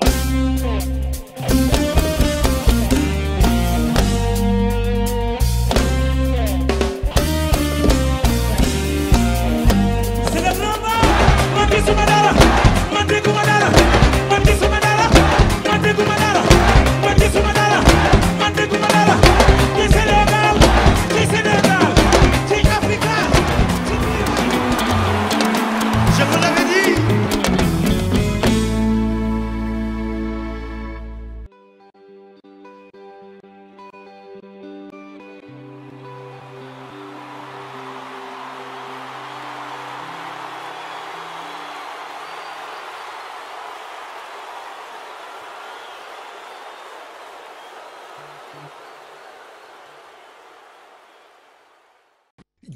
Thank you.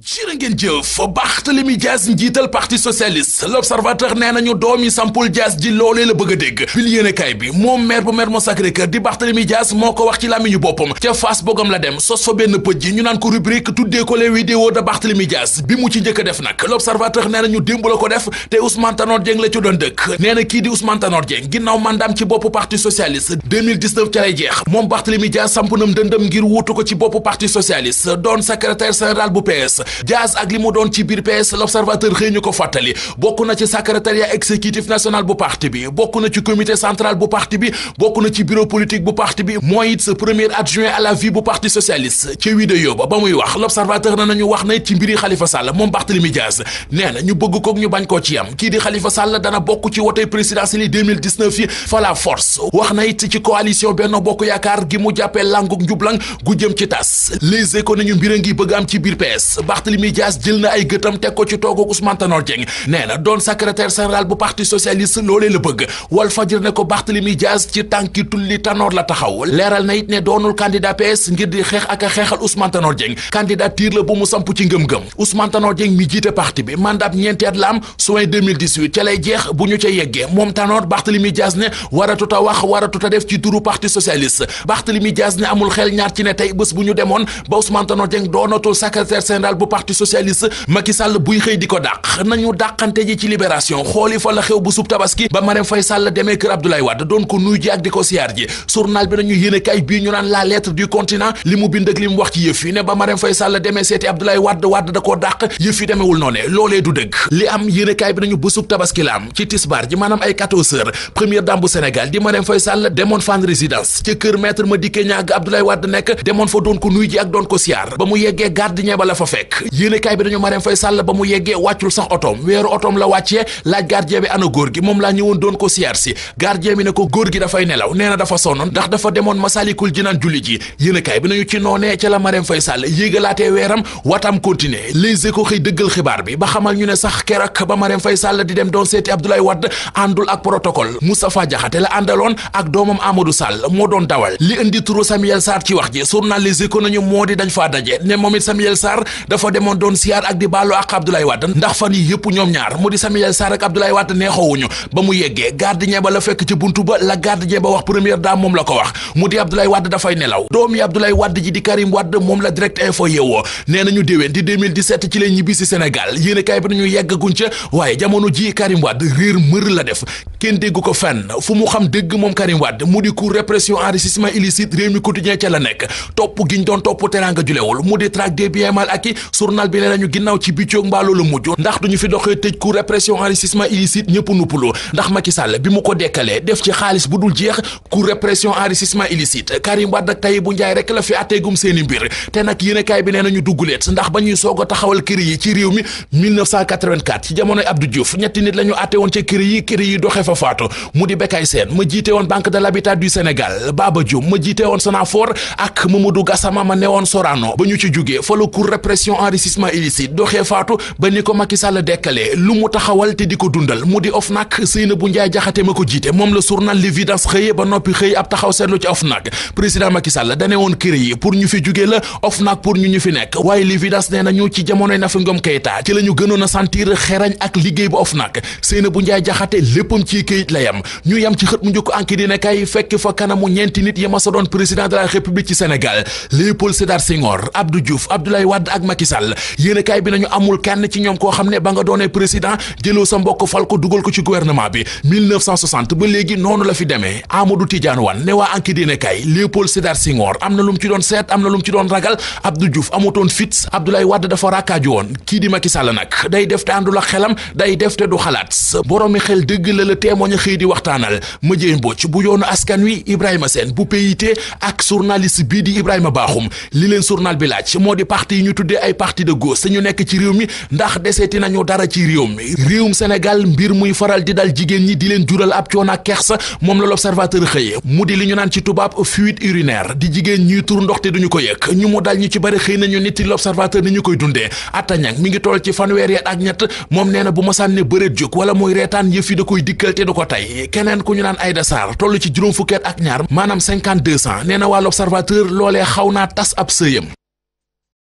jërë ngeen jëf Barthélémy Dias njiital parti socialiste l'observateur nee na nañu doomi Sampol Dias ji loolee la bëgg a dégg bi li yéene kaay bi moom maire bu maire moo Sacré-Cœur di Barthélémy Dias moo ko wax ci làmmiñu boppam ca Fass bogam la dem sos fa benn pëj ji ñu naan ko rubrique tuddee ko les vidéos de Barthélémy Dias bi mu ci njëkk def nag l'observateur nee nañu démb la ko def te Ousmane Tanor Dieng la ci doon dëkk nee na kii di Ousmane Tanor Dieng ginnaaw mandaam ci boppu parti socialiste 2019 ca lay jeex moom Barthélémy Dias samp nam dëndëm ngir wuutu ko ci boppu parti socialiste doon secrétaire général bu PS Dias ak li mu doon ci biir PS l'observateur xëy ñu ko fàttali bokk na ci secrétariat exécutif national bu parti bi bokk na ci comité central bu parti bi bokk na ci bureau politique bu parti bi mooy it sa premier adjoint à la vie bu parti socialiste ci vidéo ba ba muy wax l'observateur na nañu wax na ci mbiri Khalifa Sall moom Barthélémy Dias nee na ñu bëgg koog ñu bañ koo am kii di Barthélemy Dias jël na ay gëtam teg ko ci toogu Ousmane Tanor Dieng nee na doon secrétaire général bu parti socialiste loolee la bëgg Walf Fadjri ne ko Barthélemy Dias ci tànki tulli Tanor la taxaw leeral na it ne doonul candidat PS ngir di xeex ak a xeexal Ousmane Tanor Dieng candidature la bu mu samp ci ngëm-ngëm Ousmane Tanor Dieng mi jiite parti bi mandat ñeenti la am suway ca lay jeex bu ñu ca yeggee moom Tanor Barthélemy Dias ne waratut a wax waratut a parti socialiste Macky Sall buy xëy di ko dàq nañu dàqante ji ci libération xooli fa la xew bu sub tabaski ba Marème Faye Sall demee kër Abdoulaye Wade doon ko nuyu ji ak di ko siyaar ji journal bi nañu yéene kay ñu naan la lettre du continent li mu bind mu wax ci yëf ba Marème Faye demee seeti Abdoulaye Wade Wade da koo dàq yëf yi demewul noone loolee du dëgg li am yéene kay bi nañu bu tabaski la am ci tisbaar ji maanaam ay 14 heures première dame bu Sénégal di Marème Faye Sall demoon fan résidence ci kër maître Madické Niang Abdoulaye Wade nekk demoon fa doon ko nuyu ji ak doon ko siyaar ba mu yeggee gardien ba la fa fekk nag yéenekaay bi dañu Marème Faye Sall ba mu yeggee wàccul sax otoom weeru otoom la wàccee laaj gardien bi ana góor gi moom laa ñëwoon doon ko siyaar si gardien bi ne ko góor gi dafay nelaw nee na dafa sonnoon ndax dafa demoon Masaalikul Jinaan julli ji yéenekaay bi nañu ci noonee ca la Marème Faye Sall yéegalaatee weeram watam continuer Les Échos xëy dëggal xibaar bi ba xamal ñu ne sax keroog ba Marème Faye Sall di dem doon seeti Abdoulaye Wade àndul ak protocole Moustapha Diakhaté la àndaloon ak doomam Amadou Sall moo doon dawal li indi turu Samuel Sarr ci wax ji journal Les Échos nañu moo di dañ faa daje moo demoon doon siyaar ak di baalu ak Abdoulaye Wade ndax fan yi yëpp ñoom ñaar mu di Samuel Sarr ak Abdoulaye Wade neexoowuñu ba mu yeggee gardien ba la fekk ci buntu ba la gardien ba wax première dame moom la ko wax mu di Abdoulaye Wade dafay nelaw doomi Abdoulaye Wade ji di Karim Wade moom la direct info yeewoo nee nañu déwén di ci lay ñibbi si Sénégal yéene kaay bi nañu yegg guñ waaye jamono ji Karim Wade réer mër la def kenn dégg ko fenn journal bi nee nañu ginnaaw ci biccoog mbaa loolu mujj ndax duñu fi doxee tëj ku répression enrichissement illicite ñëpp nuppaloo ndax Macky Sall bi mu ko dekkalee def ci xaalis bu dul jeex ku répression enrichissement illicite Karim Wade ak Tahibou Ndiaye rek la fi atteegum seeni mbir te nag yéenekaay bi nee nañu dugguleet ndax ba ñuy soog a taxawal kër yi ci réew mi 1984 ci jamonoy Abdou Diouf ñetti nit la ñu atte woon ca kër yi kër yi doxee fa faatu mu di Bekay Sène ma jiite woon Banque de l'Habitat du Sénégal ma jiite woon Sonafor ba ñu ci jugee fa la cour répression enrichissement illicite doxee faatu ba ni ko Macky Sall dekkalee lu mu taxawal te di ko dundal mu di OFNAC Seynabou Ndiaye Diakhaté ma ko jiite moom la journal l'évidence xëye ba noppi xëy ab taxaw seetlu ci OFNAC président Macky Sall dane woon kër yi pour ñu fi jugee la OFNAC pour ñu ñu fi nekk waaye l'évidence nee nañu ci jamonoy Nafi Ngom Keïta ci la gënoon a sentir xerañ ak liggéey bu OFNAC Seynabou Ndiaye Diakhaté léppam ci këyit la yam Sall yéenekaay bi nañu amul kenn ci ñoom koo xam ne ba nga doonee président jëloo sa mbokk fal ko dugal ko ci gouvernement bi 1960 ba léegi noonu la fi demee Amadou Tidiane Wane ne waa Enquête yéenekaay Léopold Sédar Senghor am na lu mu ci doon seet am na lu mu ci doon ragal Abdou Diouf amutoon fit Abdoulaye Wade dafa rakkaaju woon kii di Macky Sall nag day def te àndul ak xelam day def te du xalaat boroomi xel dëgg la la témoigne xëy di waxtaanal Madieye Mbodj bu yoonu askan wi Ibrahima Sène bi laaj ñu parti de gauche ñu nekk ci réew mi ndax deseeti nañu dara ci réew mi réewum Sénégal mbir muy faral di dal jigéen ñi di leen jural ab coono ak kersa moom la l'observateur xëyee mu di li ñu naan ci tubaab fuite urinaire di jigéen ñuy tur ndox te duñu ko yëg ñu mu dal ñu ci bari xëy nañu nit yi l'observateur ni ñu koy dundee attañang mi ngi toll ci fanweer ak ñett moom nee na bu ma sànnee bëreet jóg wala mooy reetaan yëf yi da koy dikkal te du ko tey keneen ku ñu naan Aïda Sarr toll ci juróom fukkeet ak ñaar maanaam cinquante-deux ans nee na waa l'observateur loolee xaw naa tas ab sëyam